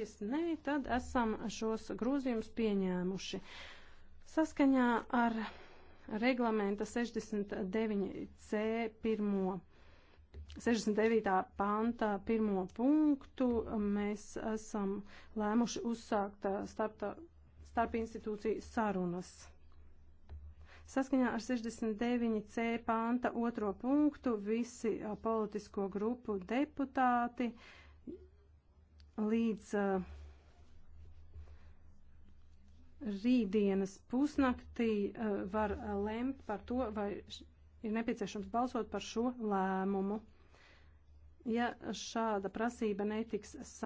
atturēties, nē, tad esam šos grozījumus pieņēmuši. Saskaņā ar reglamenta 69c pirmo 69. pantā pirmo punktu mēs esam lēmuši uzsākt starp, starp institūciju sarunas. Saskaņā ar 69c panta otro punktu visi politisko grupu deputāti uh, līdz uh, rītdienas pusnaktī uh, var lemt par to, vai ir nepieciešams balsot par šo lēmumu. Ja šāda prasība netiks